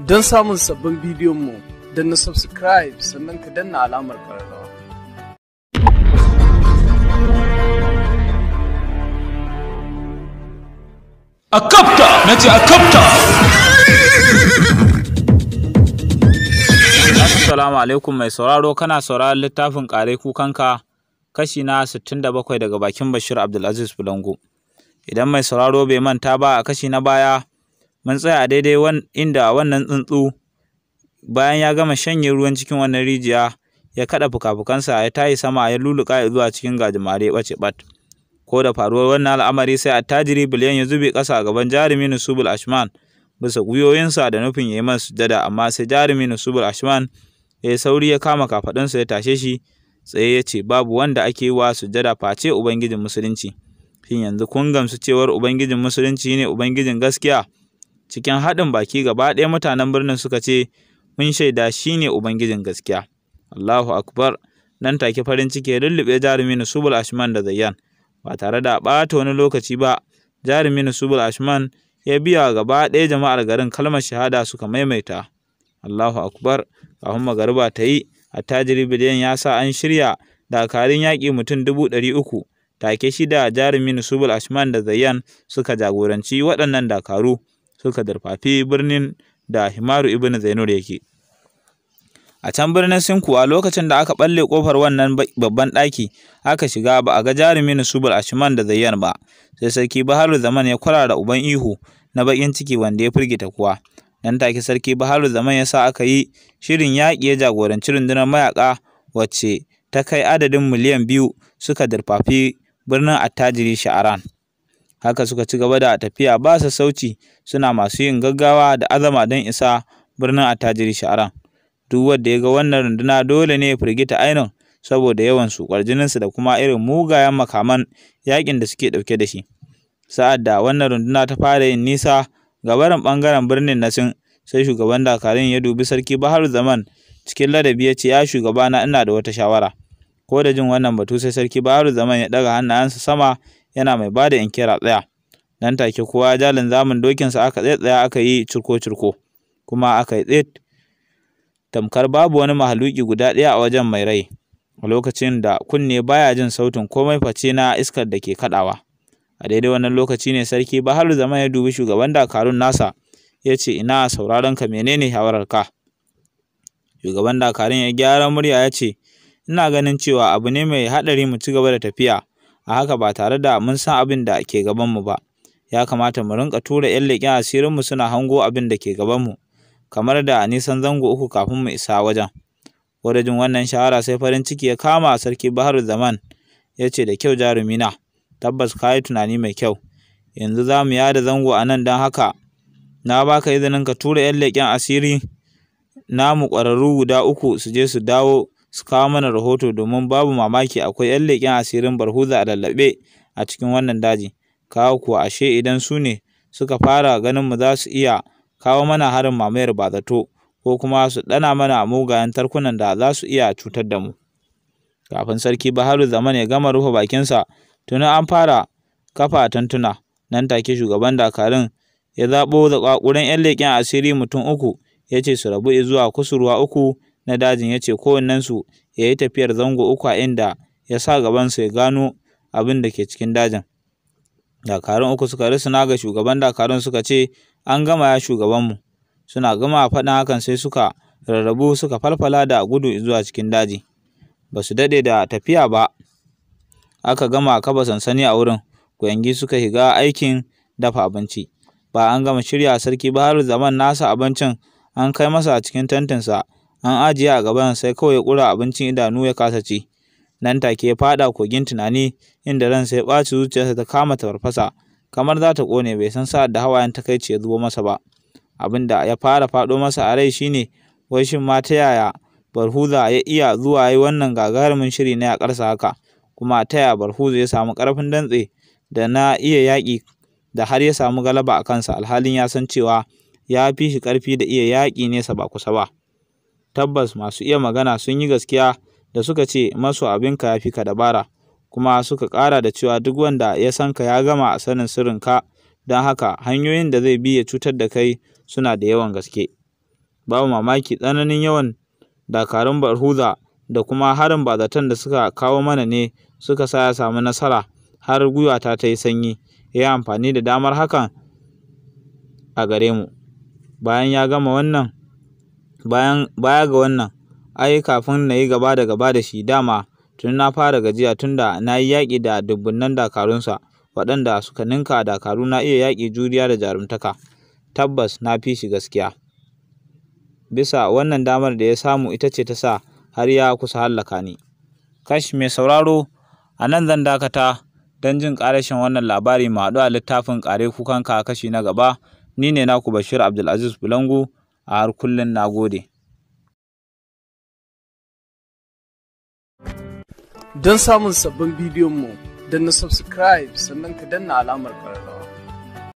Don samun sabbin bidiyon mu, na subscribe sannan ka danna alamar ƙararrawa. A kapta! Na ce a kapta! Assalamu alaikum mai sauraro kana sauraron littafin ƙare kukanka kashi na 67 daga bakin Bashir Abdulaziz Bulango. Idan mai sauraro bai manta ba a kashi na baya mun tsaya a daidai inda wannan tsuntsu bayan ya gama shanye ruwan cikin wannan rijiya ya kada fuka-fukansa ya tayi sama ya luluka ya zuwa cikin gajimare bace bat ko da faruwar wannan al'amari sai attajiri biliyan ya zube kasa gaban jarumi nusubul ashman bisa gwiwoyinsa da nufin ya yi masa sujada amma sai jarumi nusubul ashman ya yi sauri ya kama kafaɗinsa ya tashe shi tsaye ya ce babu wanda ake yi wa sujada face ubangijin musulunci shin yanzu kun gamsu cewar ubangijin musulunci ne ubangijin gaskiya cikin haɗin baki gaba ɗaya mutanen birnin suka ce mun shaida shi ne ubangijin gaskiya Allahu akbar nan take farin ciki ya lullube jarumi Nusubul Ashman da Zayyan ba tare da ɓata wani lokaci ba jarumi Nusubul Ashman ya biya gaba ɗaya jama'ar garin kalmar shahada suka maimaita Allahu akbar kafin magariba ta yi attajiri biliyan ya sa an shirya dakarun yaƙi mutum dubu ɗari uku take shida jarumi Nusubul Ashman da Zayyan suka jagoranci waɗannan dakaru suka darfafi birnin da Himaru ibn Zainur yake. A can birnin Sinku a lokacin da aka ɓalle kofar wannan babban ɗaki aka shiga ba a ga jarumin subul ashman da Zayyan ba sai sarki Baharu Zaman ya da uban ihu na bakin ciki wanda ya firgita kuwa. Nan take sarki Baharu Zaman ya sa aka yi shirin yaƙi ya jagoranci rundunar mayaƙa wacce ta kai adadin miliyan biyu suka darfafi birnin attajiri Sha'aran. haka suka ci gaba da tafiya ba sauci suna masu yin gaggawa da azama don isa birnin attajiri sha'aran duk wanda ya ga wannan runduna dole ne ya firgita ainihin saboda yawan su kwarjininsu da kuma irin mugayen makaman yakin da suke dauke da shi sa'ad da wannan runduna ta fara yin nisa ga bangaren birnin nasin sai shugaban dakarun ya dubi sarki bahar zaman cikin ladabi ya ce ya shugabana ina da wata shawara ko da jin wannan batu sai sarki bahar zaman ya daga hannayensa sama yana mai bada inkira tsaya nan take kowa ya ja linzamin dokinsa aka tsaya aka yi cirko-cirko kuma aka yi tsit tamkar babu wani mahaluki guda ɗaya a wajen mai rai a lokacin da kunne baya jin sautin komai face na iskar da ke kaɗawa a daidai wannan lokaci ne sarki bahar zama ya dubi shugaban dakarun nasa ya ce ina sauraron ka menene ka shugaban dakarun ya gyara murya ya ce ina ganin cewa abu ne mai haɗari mu ci gaba da tafiya a haka ba tare da mun san abin da ke gabanmu ba ya kamata mu rinka tura 'yan leƙen asirinmu suna hango abin da ke gabanmu kamar da nisan zango uku kafin mu isa wajen wadajin wannan shahara sai farin ciki ya kama sarki bahar zaman ya ce da kyau jarumina tabbas ka yi tunani mai kyau yanzu za mu yada zango a nan don haka na baka izinin ka tura 'yan leƙen asiri namu ƙwararru guda uku su je su dawo su kawo mana rahoto domin babu mamaki akwai 'yan leƙen asirin Barhuza a lallaɓe a cikin wannan daji, kawo kuwa ashe idan su ne suka fara ganinmu za su iya kawo mana harin mamayar ba-zato ko kuma su ɗana mana mugayen tarkunan da za su iya cutar da mu. Kafin Sarki Baharu Zaman ya gama rufe bakinsa, tuni an fara kafa tantuna, nan take shugaban dakarun ya zaɓo zaƙwaƙuran 'yan leƙen asiri mutum uku ya ce su rabu zuwa kusurwa uku na dajin ya ce kowannensu ya yi tafiyar zango uku a inda ya sa gabansa ya gano abin da ke cikin dajin. Dakarun uku suka risuna ga shugaban dakarun suka ce, An gama ya shugabanmu. Suna gama faɗin hakan sai suka rarrabu suka falfala da gudu zuwa cikin daji. Ba su daɗe da tafiya ba, aka gama kaba sansani a wurin, kuyangi suka higa aikin dafa abinci. Ba an gama shirya sarki ba har zaman nasa abincin an kai masa a cikin tantinsa an ajiye a gaban sai kawai ya ƙura abincin idanu ya kasa ci. Nan take ya faɗa kogin tunani inda ran ya ɓaci zuciyarsa ta kama ta farfasa kamar za ta ƙone bai san sa'ad da hawayen takaici ya zubo masa ba. Abin da ya fara faɗo masa a rai shine wai shin ma ta yaya Barhuza ya iya zuwa yi wannan gagarumin shiri na yakarsa haka kuma ta yaya Barhuza ya samu ƙarfin dantse da na iya yaƙi da har ya samu galaba a kansa alhalin ya san cewa ya fi shi ƙarfi da iya yaƙi nesa ba kusa ba. Tabbas masu iya magana sun yi gaskiya da suka ce masu abinka ya fi ka dabara, kuma suka ƙara da cewa duk wanda ya san ka ya gama a sanin ka don haka hanyoyin da zai bi ya cutar da kai suna da yawan gaske. Babu mamaki tsananin yawan dakarun Barhuza da kuma harin bazatan da suka kawo mana ne suka sa ya samu nasara har ta ta yi sanyi, ya yi amfani da damar hakan a gare mu. Bayan ya gama wannan Baya ga wannan, ai kafin na yi gaba da gaba da shi dama tuni na fara gajiya tunda na yi yaƙi da dubunnan dakarunsa waɗanda suka ninka dakaru na iya yaƙi, juriya da jarumtaka. Tabbas na fi shi gaskiya. Bisa wannan damar da ya samu ita ce ta sa har ya kusa hallaka ni. Kash mai sauraro, a nan zan dakata don jin ƙarashin wannan labari mu haɗu a littafin "Ƙare kukanka" kashi na gaba. Ni ne naku Bashir Abdulaziz Bulangu. a har kullum na gode. Don samun sabbin bidiyon mu, na subscribe sannan ka danna alamar ƙararrawa.